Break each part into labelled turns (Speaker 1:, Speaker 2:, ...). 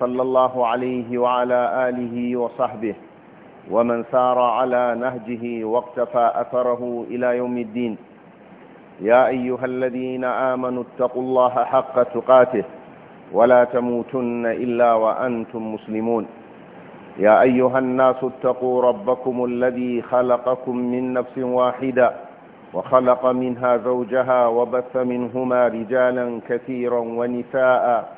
Speaker 1: صلى الله عليه وعلى آله وصحبه ومن سار على نهجه واقتفى أثره إلى يوم الدين يا أيها الذين آمنوا اتقوا الله حق تقاته ولا تموتن إلا وأنتم مسلمون يا أيها الناس اتقوا ربكم الذي خلقكم من نفس واحدة وخلق منها زوجها وبث منهما رجالا كثيرا ونساء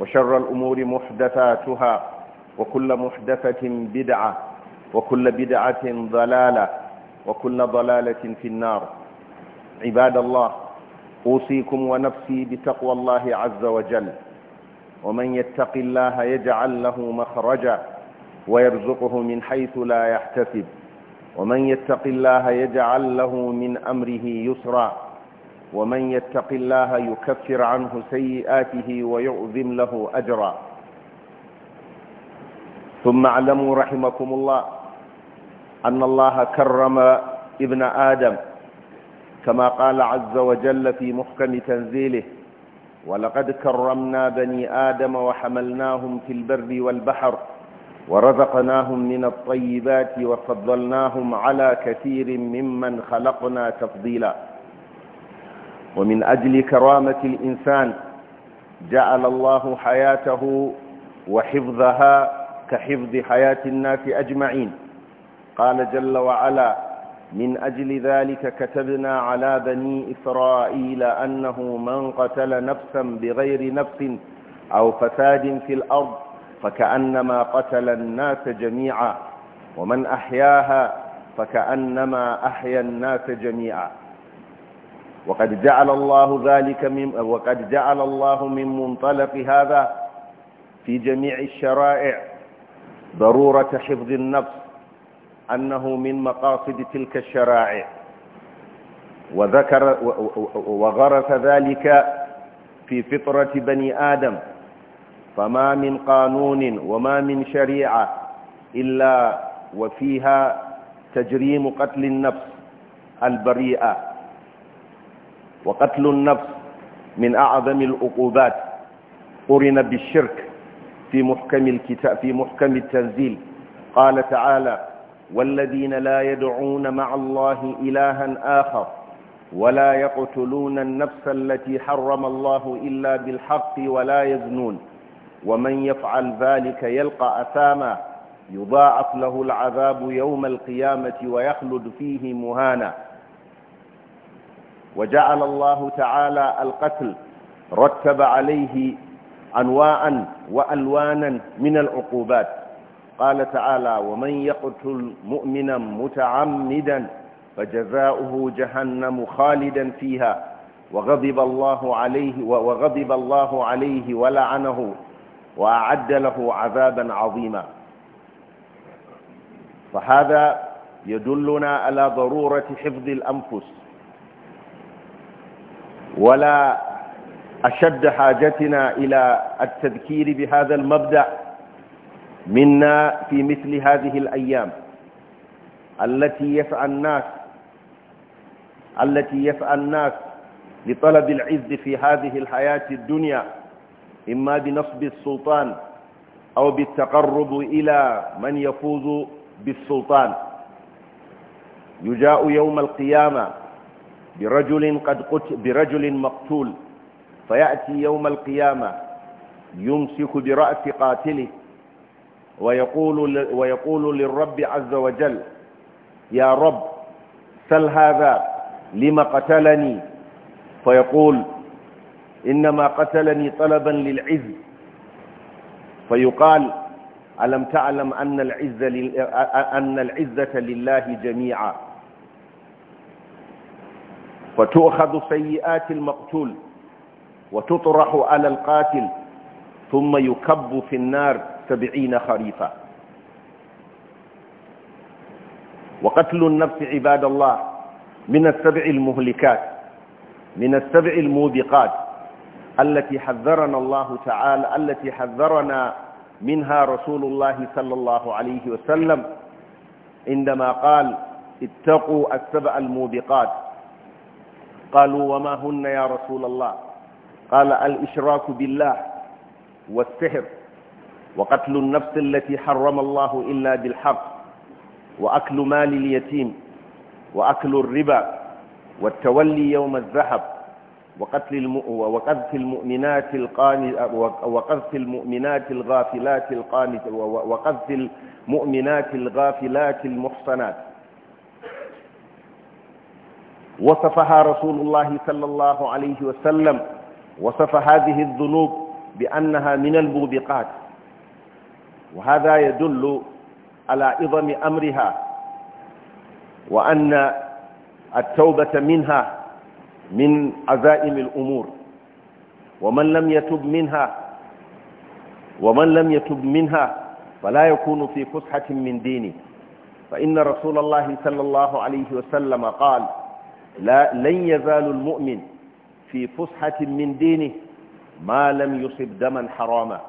Speaker 1: وشر الأمور محدثاتها وكل محدثة بدعة وكل بدعة ضلالة وكل ضلالة في النار عباد الله أوصيكم ونفسي بتقوى الله عز وجل ومن يتق الله يجعل له مخرجا ويرزقه من حيث لا يحتسب ومن يتق الله يجعل له من أمره يسرا ومن يتق الله يكفر عنه سيئاته ويعظم له أجرا ثم اعلموا رحمكم الله أن الله كرم ابن آدم كما قال عز وجل في محكم تنزيله ولقد كرمنا بني آدم وحملناهم في البر والبحر ورزقناهم من الطيبات وفضلناهم على كثير ممن خلقنا تفضيلاً ومن أجل كرامة الإنسان جعل الله حياته وحفظها كحفظ حياة الناس أجمعين قال جل وعلا من أجل ذلك كتبنا على بني إسرائيل أنه من قتل نفسا بغير نفس أو فساد في الأرض فكأنما قتل الناس جميعا ومن أحياها فكأنما أحيا الناس جميعا وقد جعل الله ذلك من وقد جعل الله من منطلق هذا في جميع الشرائع ضرورة حفظ النفس أنه من مقاصد تلك الشرائع وذكر وغرس ذلك في فطرة بني آدم فما من قانون وما من شريعة إلا وفيها تجريم قتل النفس البريئة وقتل النفس من أعظم العقوبات قرن بالشرك في محكم الكتاب في محكم التنزيل قال تعالى والذين لا يدعون مع الله إلها آخر ولا يقتلون النفس التي حرم الله إلا بالحق ولا يزنون ومن يفعل ذلك يلقى أثاما يضاعف له العذاب يوم القيامة ويخلد فيه مهانا وجعل الله تعالى القتل رتب عليه أنواعا وألوانا من العقوبات قال تعالى ومن يقتل مؤمنا متعمدا فجزاؤه جهنم خالدا فيها وغضب الله عليه وغضب الله عليه ولعنه وأعد له عذابا عظيما فهذا يدلنا على ضرورة حفظ الأنفس ولا أشد حاجتنا إلى التذكير بهذا المبدأ منا في مثل هذه الأيام التي يسعى الناس التي يسعى الناس لطلب العز في هذه الحياة الدنيا إما بنصب السلطان أو بالتقرب إلى من يفوز بالسلطان يجاء يوم القيامة برجل, قد قتل برجل مقتول فيأتي يوم القيامة يمسك برأس قاتله ويقول, ويقول للرب عز وجل يا رب سل هذا لم قتلني فيقول إنما قتلني طلبا للعز فيقال ألم تعلم أن, العز أن العزة لله جميعا فتؤخذ سيئات المقتول وتطرح على القاتل ثم يكب في النار سبعين خريفا وقتل النفس عباد الله من السبع المهلكات من السبع الموبقات التي حذرنا الله تعالى التي حذرنا منها رسول الله صلى الله عليه وسلم عندما قال اتقوا السبع الموبقات قالوا وما هن يا رسول الله قال الإشراك بالله والسحر وقتل النفس التي حرم الله إلا بالحق وأكل مال اليتيم وأكل الربا والتولي يوم الذهب وقتل وقذف المؤمنات وقذف المؤمنات الغافلات القانت وقذف المؤمنات الغافلات المحصنات وصفها رسول الله صلى الله عليه وسلم وصف هذه الذنوب بأنها من الموبقات وهذا يدل على عظم أمرها وأن التوبة منها من عزائم الأمور ومن لم يتب منها ومن لم يتب منها فلا يكون في فسحة من دينه فإن رسول الله صلى الله عليه وسلم قال لا لن يزال المؤمن في فسحة من دينه ما لم يصب دما حراما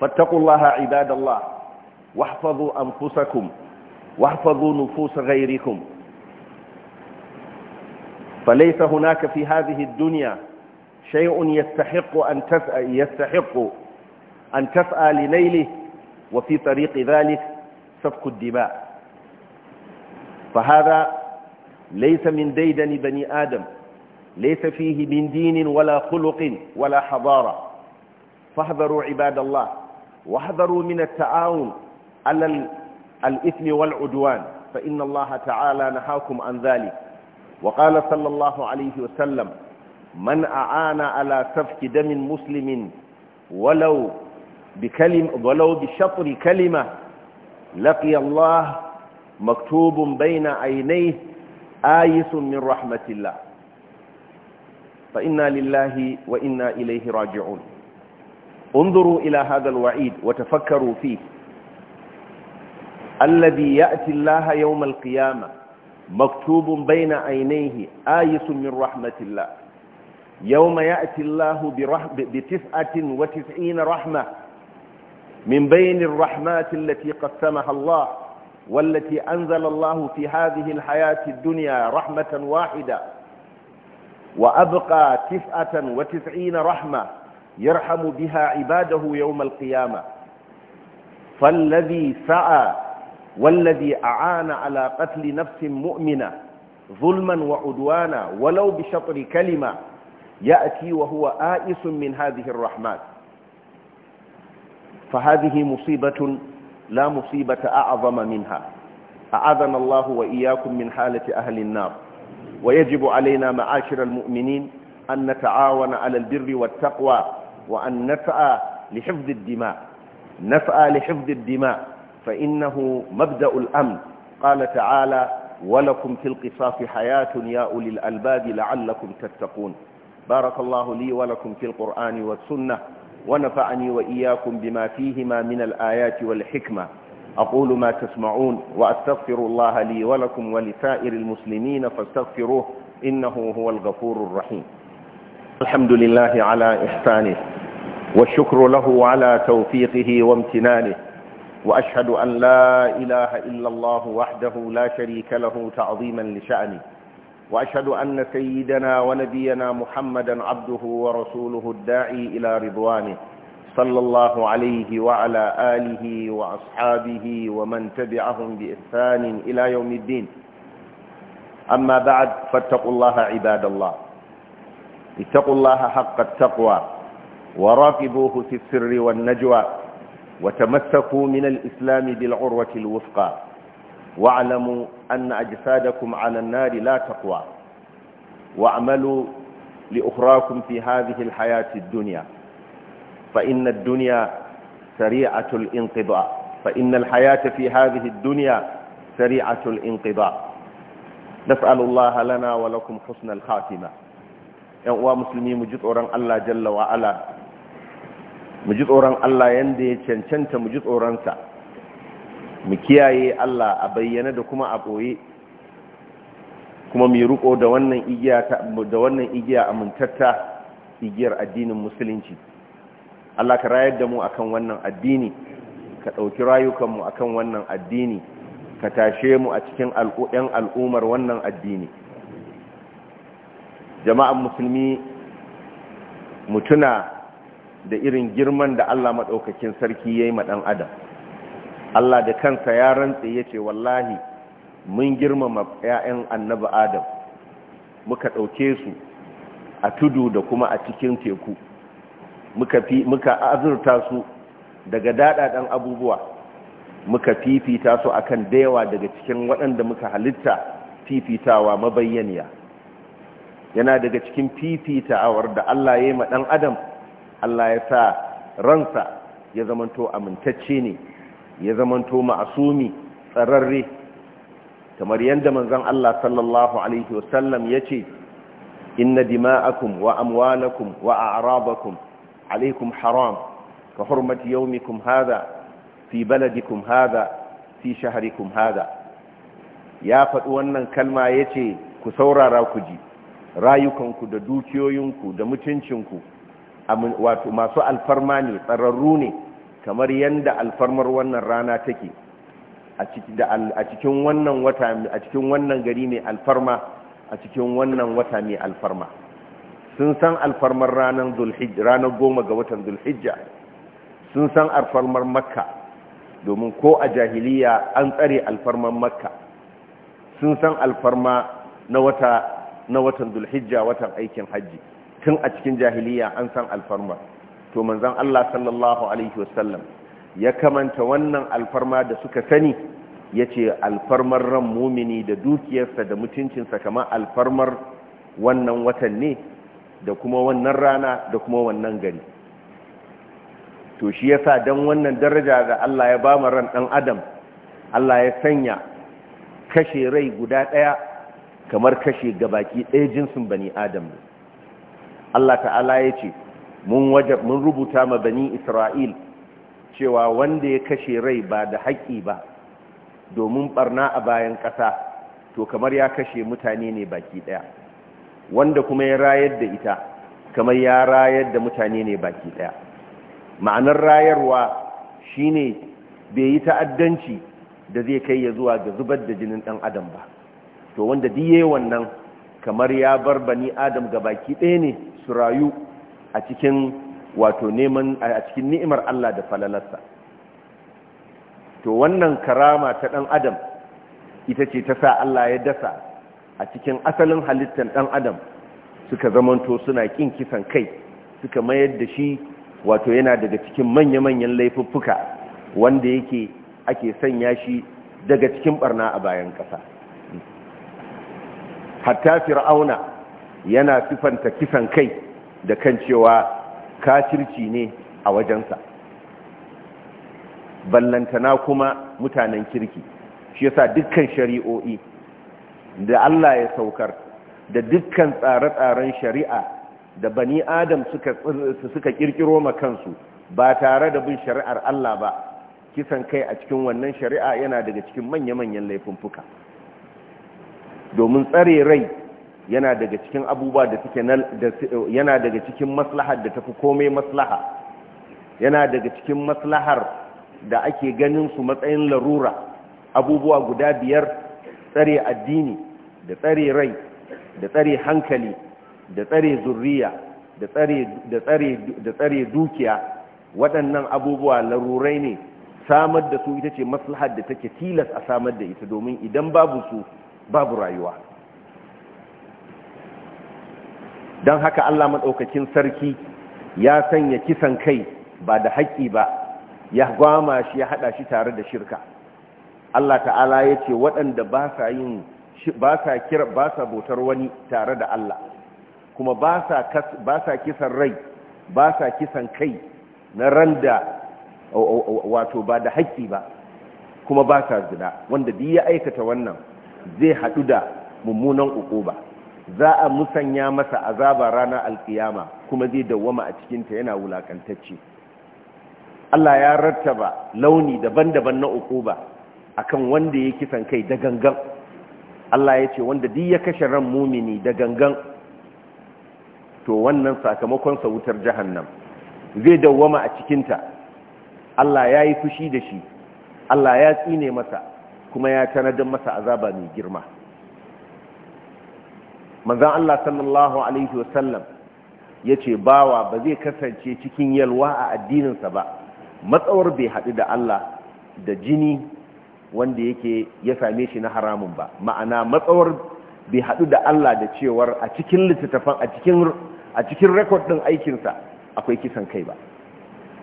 Speaker 1: فاتقوا الله عباد الله واحفظوا أنفسكم واحفظوا نفوس غيركم فليس هناك في هذه الدنيا شيء يستحق أن تسأل, يستحق أن تسأل لنيله وفي طريق ذلك سفك الدماء فهذا ليس من ديدن بني آدم ليس فيه من دين ولا خلق ولا حضارة فاحذروا عباد الله واحذروا من التعاون على الإثم والعدوان فإن الله تعالى نهاكم عن ذلك وقال صلى الله عليه وسلم من أعان على سفك دم مسلم ولو بكلم ولو بشطر كلمة لقي الله مكتوب بين عينيه آيس من رحمة الله فإنا لله وإنا إليه راجعون انظروا إلى هذا الوعيد وتفكروا فيه الذي يأتي الله يوم القيامة مكتوب بين عينيه آيس من رحمة الله يوم يأتي الله بتسعة وتسعين رحمة من بين الرحمات التي قسمها الله والتي أنزل الله في هذه الحياة الدنيا رحمة واحدة وأبقى تسعة وتسعين رحمة يرحم بها عباده يوم القيامة فالذي سعى والذي أعان على قتل نفس مؤمنة ظلما وعدوانا ولو بشطر كلمة يأتي وهو آئس من هذه الرحمات فهذه مصيبة لا مصيبة أعظم منها أعاذنا الله وإياكم من حالة أهل النار ويجب علينا معاشر المؤمنين أن نتعاون على البر والتقوى وأن نسعى لحفظ الدماء نسعى لحفظ الدماء فإنه مبدأ الأمن قال تعالى ولكم في القصاص حياة يا أولي الألباب لعلكم تتقون بارك الله لي ولكم في القرآن والسنة ونفعني وإياكم بما فيهما من الآيات والحكمة أقول ما تسمعون وأستغفر الله لي ولكم ولسائر المسلمين فاستغفروه إنه هو الغفور الرحيم الحمد لله على إحسانه والشكر له على توفيقه وامتنانه وأشهد أن لا إله إلا الله وحده لا شريك له تعظيما لشأنه وأشهد أن سيدنا ونبينا محمدا عبده ورسوله الداعي إلى رضوانه صلى الله عليه وعلى آله وأصحابه ومن تبعهم بإحسان إلى يوم الدين أما بعد فاتقوا الله عباد الله اتقوا الله حق التقوى وراقبوه في السر والنجوى وتمسكوا من الإسلام بالعروة الوثقى واعلموا أن أجسادكم على النار لا تقوى واعملوا لأخراكم في هذه الحياة الدنيا فإن الدنيا سريعة الانقضاء فإن الحياة في هذه الدنيا سريعة الانقضاء نسأل الله لنا ولكم حسن الخاتمة ينقوى مسلمي مجد أوران الله جل وعلا مجد أوران الله يندي چنچنت مجد أورانسا mu kiyaye Allah a bayyana da kuma a ɓoye kuma mu riko da wannan igiya da wannan amintatta igiyar addinin musulunci Allah ka rayar da mu akan wannan addini ka ɗauki rayukanmu akan wannan addini ka tashe mu a cikin al'u'yan al'umar wannan addini jama'an musulmi mutuna da irin girman da Allah maɗaukakin sarki ya yi maɗan adam Allah da kansa ya rantse ya ce wallahi mun girmama 'ya'yan annabi adam muka ɗauke su a tudu da kuma a cikin teku muka azurta su daga daɗaɗen abubuwa muka fifita su akan kan daga cikin waɗanda muka halitta fifitawa mabayyaniya yana daga cikin fifita fifitawar da Allah ya yi ma ɗan adam Allah ya sa ransa ya zamanto amintacce ne ya zamanto ma'asumi tsararre kamar yadda manzon Allah sallallahu alaihi wasallam yace inna dima'akum wa amwalakum wa a'radakum alaikum haram ka hurmati yawmikum hada fi baladikum hada fi shahrikum hada ya faɗi wannan kalma yace ku saurara ku ji rayukan ku da dukiyoyinku da mutuncinku wato masu alfarma ne tsararru ne kamar yadda alfarmar wannan rana take a cikin wannan wata a cikin wannan gari mai alfarma a cikin wannan wata mai alfarma sun san alfarmar ranar zulhijja ranar goma ga watan zulhijja sun san alfarmar makka domin ko a jahiliya an tsare alfarmar makka sun san alfarma na wata na watan zulhijja watan aikin hajji tun a cikin jahiliya an san alfarmar to manzon Allah sallallahu alaihi wasallam ya kamanta wannan alfarma da suka sani yace alfarmar ran mumini da dukiyarsa da mutuncinsa kamar alfarmar wannan watan ne da kuma wannan rana da kuma wannan gari to shi yasa dan wannan daraja da Allah ya ba mu ran ɗan adam Allah ya sanya kashe rai guda ɗaya, kamar kashe gabaki ɗaya jinsin bani adam Allah ta'ala ya ce mun rubuta ma bani isra'il cewa wanda ya kashe rai ba da haƙƙi ba domin barna a bayan ƙasa to kamar ya kashe mutane ne baki ɗaya wanda kuma ya rayar da ita kamar ya rayar da mutane ne baki ɗaya ma'anar rayarwa shine bai yi ta'addanci da zai kai ya zuwa ga zubar da jinin ɗan adam ba to wanda diye wannan kamar ya bar bani adam ga baki ɗaya ne su rayu a cikin wato neman a cikin ni'imar Allah da falalarsa to wannan karama ta dan adam ita ce ta sa Allah ya dasa a cikin asalin halittar dan adam suka zamanto suna kin kisan kai suka mayar da shi wato yana daga cikin manya-manyan laifuffuka wanda yake ake sanya shi daga cikin barna a bayan ƙasa hatta fir'auna yana sifanta kisan kai da kan cewa kafirci ne a wajensa ballantana kuma mutanen kirki shi yasa dukkan shari'o'i da Allah ya saukar da dukkan tsare-tsaren shari'a da bani adam suka suka kirkiro kansu ba tare da bin shari'ar Allah ba kisan kai a cikin wannan shari'a yana daga cikin manya-manyan laifin fuka. domin tsare rai yana daga cikin abubuwa da suke yana daga cikin maslahar da tafi komai maslaha yana daga cikin maslahar da ake ganin su matsayin larura abubuwa guda biyar tsare addini da tsare rai da tsare hankali da tsare zurriya da tsare dukiya waɗannan abubuwa larurai ne samar da su ita ce maslahar da take tilas a samar da ita domin idan babu su babu rayuwa don haka Allah maɗaukakin sarki ya sanya kisan kai ba da haƙƙi ba ya gwama shi ya haɗa shi tare da shirka Allah ta'ala ya ce waɗanda ba sa kira ba sa bautar wani tare da Allah kuma ba sa kisan rai ba sa kisan kai na ran da wato ba da haƙƙi ba kuma ba sa zina wanda biya ya aikata wannan zai haɗu da mummunan uku ba za a musanya masa azaba ranar alkiyama kuma zai dawwama a cikinta yana wulakantacce Allah ya rattaba launi daban-daban na ukuba akan wanda ya kisan kai da gangan Allah ya ce wanda duk ya kashe ran mumini da gangan to wannan sakamakon sa wutar jahannam zai dawwama a cikinta Allah ya yi fushi da shi Allah ya tsine masa kuma ya tanadar masa azaba mai girma manzan Allah sallallahu alaihi wasallam ya ce bawa ba zai kasance cikin yalwa a addininsa ba matsawar bai haɗu da Allah da jini wanda yake ya same shi na haramun ba ma'ana matsawar bai haɗu da Allah da cewar a cikin littattafan a cikin a ɗin aikinsa akwai kisan kai ba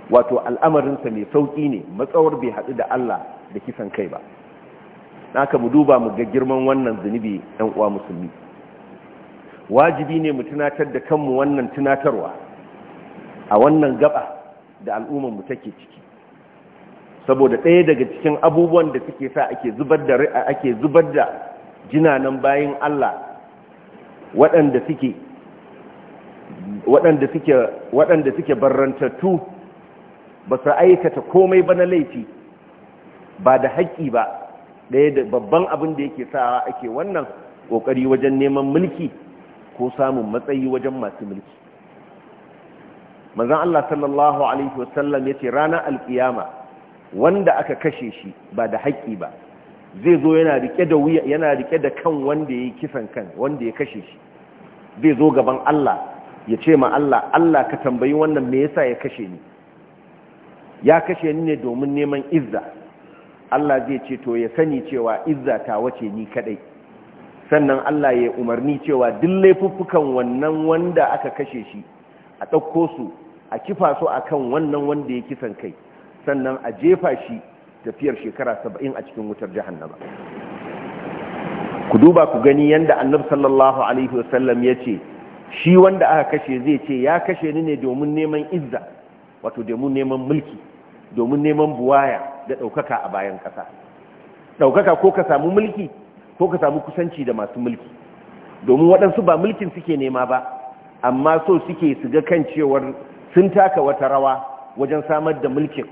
Speaker 1: wato al'amarinsa mai sauƙi ne matsawar bai haɗu da Allah da kisan kai ba ka mu duba mu ga girman wannan zunubi ɗan uwa musulmi wajibi ne mu tunatar da kanmu wannan tunatarwa a wannan gaba da al'ummar mu take ciki saboda ɗaya daga cikin abubuwan da suke sa ake zubar da ake zubar da jinanan bayin Allah waɗanda suke waɗanda suke waɗanda suke barrantattu ba su aikata komai ba na laifi ba da haƙƙi ba ɗaya da babban abin da yake sawa ake wannan ƙoƙari wajen neman mulki ko samun matsayi wajen masu mulki manzon Allah sallallahu alaihi wasallam yace ranar alkiyama wanda aka kashe shi ba da haƙƙi ba zai zo yana rike da wuya yana rike da kan wanda yayi kisan kan wanda ya kashe shi zai zo gaban Allah ya ce ma Allah Allah ka tambayi wannan me yasa ya kashe ni ya kashe ni ne domin neman izza Allah zai ce to ya sani cewa izza ta wace ni kadai sannan Allah ya umarni cewa duk laifuffukan wannan wanda aka kashe shi a ɗauko su a kifa su kan wannan wanda ya kisan kai sannan a jefa shi tafiyar shekara saba'in a cikin wutar jahannama ku duba ku gani yadda annabi sallallahu alaihi wasallam ya ce shi wanda aka kashe zai ce ya kashe ni ne domin neman izza wato domin neman mulki domin neman buwaya da ɗaukaka a bayan ƙasa ɗaukaka ko ka samu mulki ko ka samu kusanci da masu mulki domin waɗansu ba mulkin suke nema ba amma so suke su ga kan cewar sun taka wata rawa wajen samar da mulkin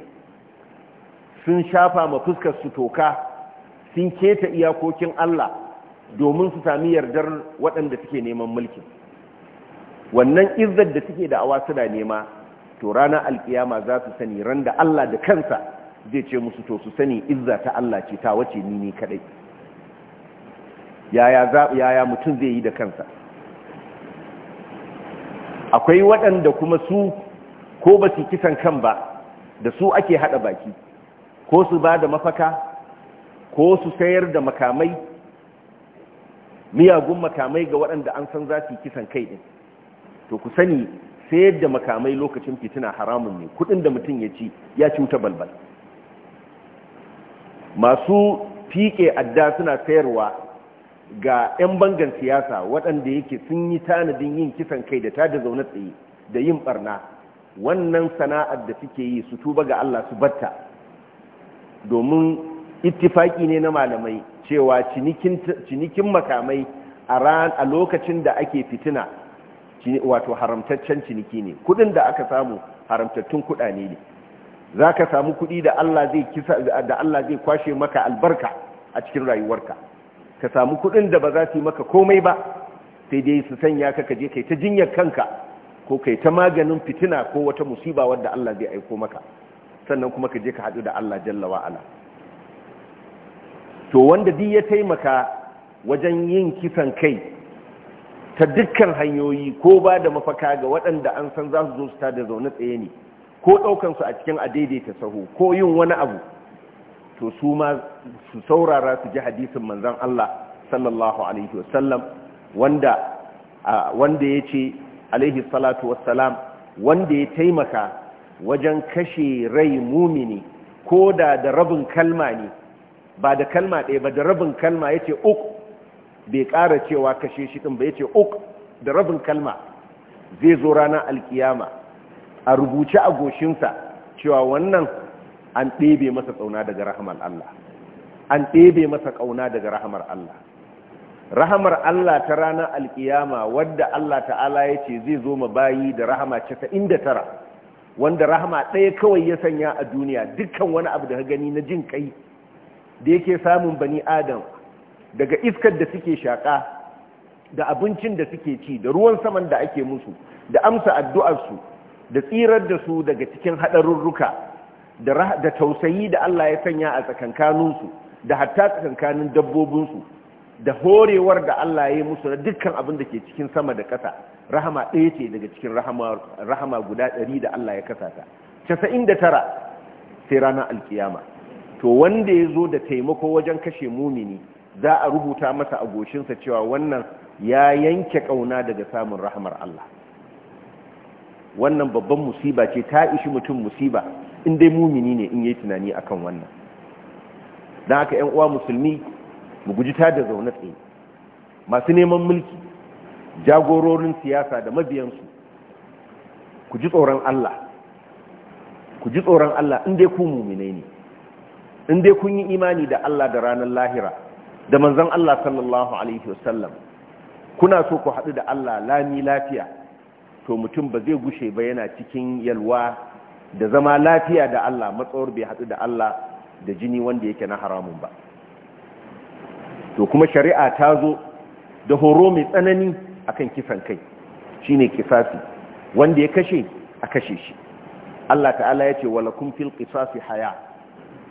Speaker 1: sun shafa ma fuskar su toka sun keta iyakokin Allah domin su sami yardar waɗanda suke neman mulkin wannan izzar da suke da awa suna nema to ranar alkiyama za su sani randa Allah da kansa zai ce musu to su sani izza ta Allah ce ta wace ni ne kadai yaya mutum zai yi da kansa akwai waɗanda kuma su ko ba su kisan kan ba da su ake haɗa baki ko su ba da mafaka ko su sayar da makamai miyagun makamai ga waɗanda an san za su kisan kai ɗin to ku sani sayar da makamai lokacin fitina haramun ne kudin da mutum ya ci ya cuta balbal masu fiƙe adda suna sayarwa ga 'yan bangan siyasa waɗanda yake sun yi tanadin yin kisan kai da tada zaune tsaye da yin barna wannan sana'ar da suke yi su tuba ga Allah su batta domin ittifaki ne na malamai cewa cinikin makamai a lokacin da ake fitina wato haramtaccen ciniki ne kudin da aka samu haramtattun kudane ne za ka samu kuɗi da Allah zai kwashe maka albarka a cikin rayuwarka ka samu kuɗin da ba za su yi maka komai ba sai dai su sanya ka kaje kai ta jinyar kanka ko kai ta maganin fitina ko wata musiba wadda Allah zai aiko maka sannan kuma ka je ka haɗu da Allah jalla wa'ala to wanda duk ya taimaka wajen yin kisan kai ta dukkan hanyoyi ko ba da mafaka ga waɗanda an san za su zo su ta da zaune tsaye ne ko ɗaukansu a cikin adaidaita sahu ko yin wani abu to su ma su saurara su ji hadisin manzon Allah sallallahu alaihi wasallam wanda wanda yace alaihi salatu wassalam wanda ya taimaka wajen kashe rai mumini ko da da rabin kalma ne ba da kalma ɗaya ba da rabin kalma ya ce uk bai ƙara cewa kashe shi ɗin ba ya ce uk da rabin kalma zai zo ranar alkiyama a rubuce a goshinsa cewa wannan an ɗebe masa tsauna daga rahamar Allah an ɗebe masa ƙauna daga rahamar Allah rahamar Allah ta ranar alkiyama wadda Allah ta'ala ya ce zai zo ma bayi da rahama casa'in da tara, wanda rahama ɗaya kawai ya sanya a duniya dukkan wani abu da gani na jin kai da yake samun bani adam daga iskar da suke shaƙa da abincin da suke ci da ruwan saman da ake musu da amsa addu'arsu da tsirar da su daga cikin haɗarurruka da tausayi da Allah ya sanya a tsakankaninsu da hatta tsakankanin dabbobinsu da horewar da Allah ya yi musu na dukkan abin da ke cikin sama da ƙasa rahama ɗaya ce daga cikin rahama guda ɗari da Allah ya ta casa'in da tara sai ranar alkiyama to wanda ya zo da taimako wajen kashe mumini za a rubuta masa a goshinsa cewa wannan ya yanke ƙauna daga samun rahamar Allah wannan babban musiba ce ta ishi mutum musiba in dai mumini ne in yi tunani akan wannan don haka 'yan uwa musulmi mu guji da zaune tsaye masu neman mulki jagororin siyasa da mabiyansu ku ji tsoron Allah ku ji tsoron Allah in dai ku muminai ne in dai kun yi imani da Allah da ranar lahira da manzan Allah sallallahu alaihi wasallam kuna so ku haɗu da Allah lami lafiya to mutum ba zai gushe ba yana cikin yalwa da zama lafiya da Allah matsawar bai haɗu da Allah da jini wanda yake na haramun ba to kuma shari'a ta zo da horo mai tsanani akan kisan kai shine kisafi, wanda ya kashe a kashe shi Allah ta'ala ya ce kun fil qisasi haya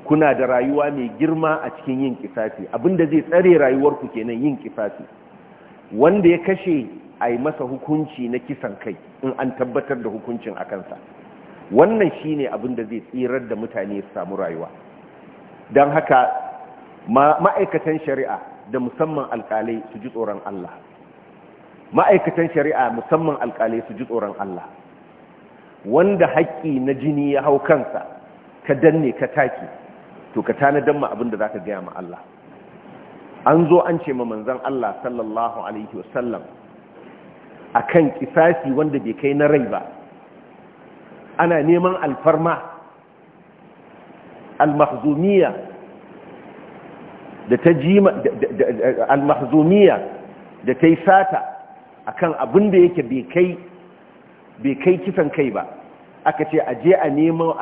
Speaker 1: kuna da rayuwa mai girma a cikin yin kisasi abinda zai tsare rayuwar ku kenan yin kisafi? wanda ya kashe a masa hukunci na kisan kai in an tabbatar da hukuncin a kansa wannan shine abin da zai tsirar da mutane su samu rayuwa don haka ma'aikatan shari'a da musamman alkalai su ji tsoron Allah ma'aikatan shari'a musamman alkalai su ji tsoron Allah wanda haƙƙi na jini ya hau kansa ka danne ka taki to ka tanadar ma abin da za ka gaya ma Allah an zo an ce ma manzan Allah sallallahu alaihi wasallam a kan kisasi wanda bai kai na rai ba ana neman alfarma almahzumiya da ta jima almahzumiya da ta yi sata akan abin da yake bai kai kisan kai ba aka ce aje a neman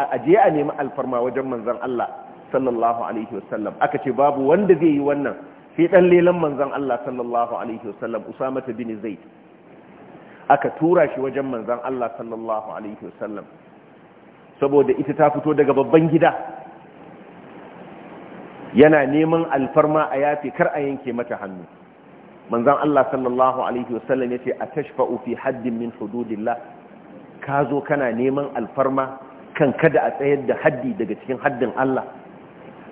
Speaker 1: alfarma wajen manzan Allah sallallahu alaihi wasallam aka ce babu wanda zai yi wannan sai dan lelan manzan Allah sallallahu alaihi wasallam Usama bin Zaid aka tura shi wajen manzan Allah sallallahu alaihi wasallam saboda ita ta fito daga babban gida yana neman alfarma a yafe kar a yanke mata hannu manzan Allah sallallahu alaihi wasallam a tashfa fi haddin min hududillah ka zo kana neman alfarma kan kada a tsayar da haddi daga cikin haddin Allah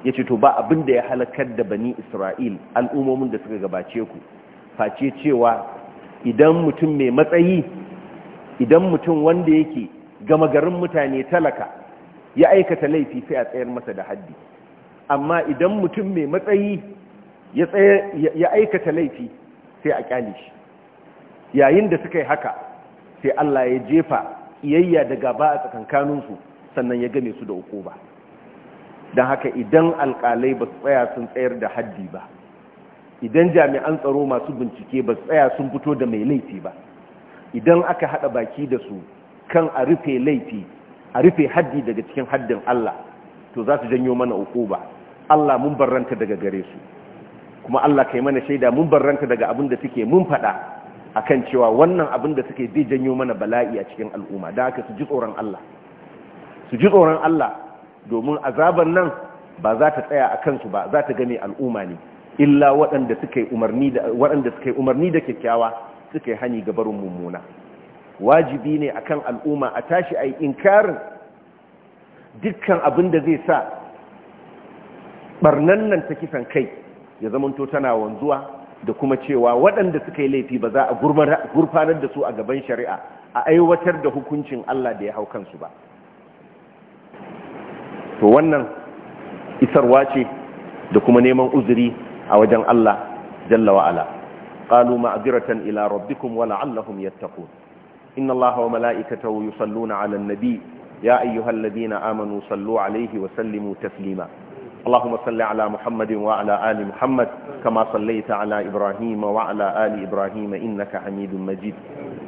Speaker 1: yace to ba abin da ya halakar da bani Isra'il al'umomin da suka gabace ku face cewa idan mutum mai matsayi idan mutum wanda yake gama garin mutane talaka ya aikata laifi sai a tsayar masa da haddi amma idan mutum mai matsayi ya aikata laifi sai a kyale shi yayin da suka yi haka sai Allah ya jefa iyayya da ba a tsakankaninsu sannan ya game su da uku ba don haka idan alkalai ba su tsaya sun tsayar da haddi ba idan jami'an tsaro masu bincike ba tsaya sun fito da mai laifi ba idan aka hada baki da su kan a rufe laifi a rufe haddi daga cikin haddin Allah to za su janyo mana ba Allah mun barranta daga gare su kuma Allah kai mana shaida mun barranta daga abin da suke mun fada akan cewa wannan abin da suke zai janyo mana bala'i a cikin al'umma da haka su ji tsoron Allah su ji tsoron Allah domin azabar nan ba za ta tsaya a kansu ba za ta gane al'umma ne illa waɗanda suka yi umarni da suka umarni da kyakkyawa suka yi hani ga barin mummuna wajibi ne akan al'umma a tashi ayi inkarin dukkan abin da zai sa barnan nan ta kisan kai ya zamanto tana wanzuwa da kuma cewa waɗanda suka yi laifi ba za a gurfanar da su a gaban shari'a a aiwatar da hukuncin Allah da ya hau kansu ba to wannan isarwa ce da kuma neman uzuri awajan Allah jalla wa ala qalu ma'dhiratan ila rabbikum wa la'allahum yattaqun inna Allah wa mala'ikatahu yusalluna 'ala an nabi ya ayyuhalladhina amanu sallu 'alayhi wa sallimu taslima اللهم صل على محمد وعلى آل محمد كما صليت على إبراهيم وعلى آل إبراهيم إنك حميد مجيد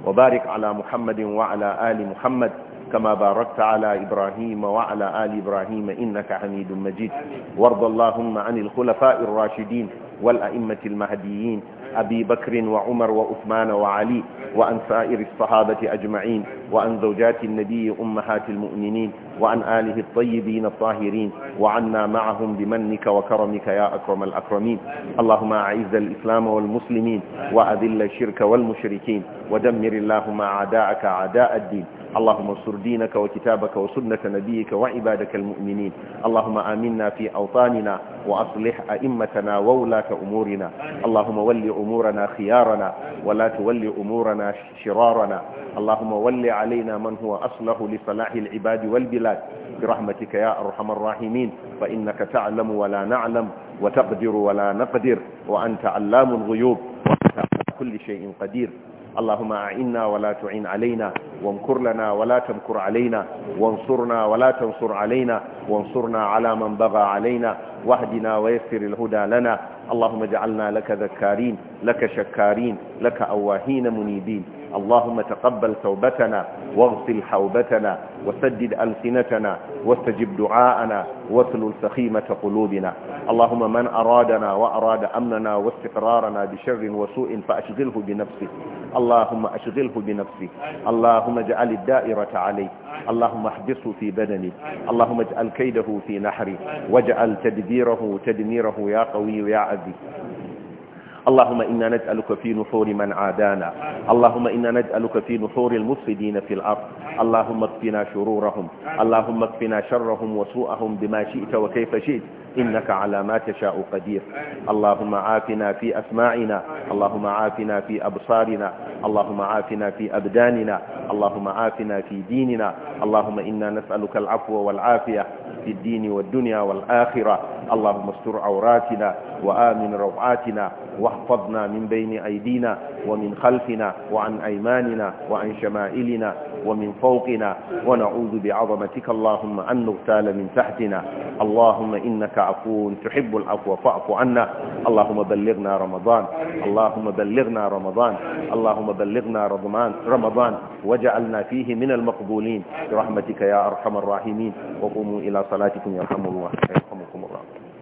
Speaker 1: وبارك على محمد وعلى آل محمد كما باركت على إبراهيم وعلى آل إبراهيم إنك حميد مجيد وارض اللهم عن الخلفاء الراشدين والأئمة المهديين أبي بكر وعمر وأثمان وعلي وأن سائر الصحابة أجمعين وأن زوجات النبي أمهات المؤمنين وأن آله الطيبين الطاهرين وعنا معهم بمنك وكرمك يا أكرم الأكرمين اللهم أعز الإسلام والمسلمين وأذل الشرك والمشركين ودمر اللهم أعداءك أعداء الدين اللهم انصر دينك وكتابك وسنة نبيك وعبادك المؤمنين اللهم آمنا في أوطاننا وأصلح أئمتنا وولاة أمورنا اللهم ول أمورنا خيارنا ولا تول أمورنا شرارنا اللهم ول علينا من هو أصلح لصلاح العباد والبلاد برحمتك يا أرحم الراحمين فإنك تعلم ولا نعلم وتقدر ولا نقدر وأنت علام الغيوب وأنت على كل شيء قدير اللهم أعنا ولا تعين علينا وامكر لنا ولا تمكر علينا وانصرنا ولا تنصر علينا وانصرنا على من بغى علينا واهدنا ويسر الهدى لنا اللهم اجعلنا لك ذكارين لك شكارين لك أواهين منيبين اللهم تقبل توبتنا واغسل حوبتنا وسدد ألسنتنا واستجب دعاءنا واسلل سخيمة قلوبنا اللهم من أرادنا وأراد أمننا واستقرارنا بشر وسوء فأشغله بنفسه اللهم أشغله بنفسه اللهم اجعل الدائرة عليه اللهم احبسه في بدني اللهم اجعل كيده في نحري واجعل تدبيره تدميره يا قوي يا عزيز اللهم إنا نسألك في نحور من عادانا اللهم إنا نسألك في نحور المفسدين في الأرض اللهم اكفنا شرورهم اللهم اكفنا شرهم وسوءهم بما شئت وكيف شئت إنك على ما تشاء قدير اللهم عافنا في أسماعنا اللهم عافنا في أبصارنا اللهم عافنا في أبداننا اللهم عافنا في ديننا اللهم إنا نسألك العفو والعافية في الدين والدنيا والآخرة اللهم استر عوراتنا وآمن روعاتنا واحفظنا من بين أيدينا ومن خلفنا وعن أيماننا وعن شمائلنا ومن فوقنا ونعوذ بعظمتك اللهم أن نغتال من تحتنا اللهم إنك عفو تحب العفو فاعف عنا اللهم بلغنا رمضان اللهم بلغنا رمضان اللهم بلغنا رمضان رمضان وجعلنا فيه من المقبولين برحمتك يا أرحم الراحمين وقوموا إلى صلاة salatikum yarhamkumullah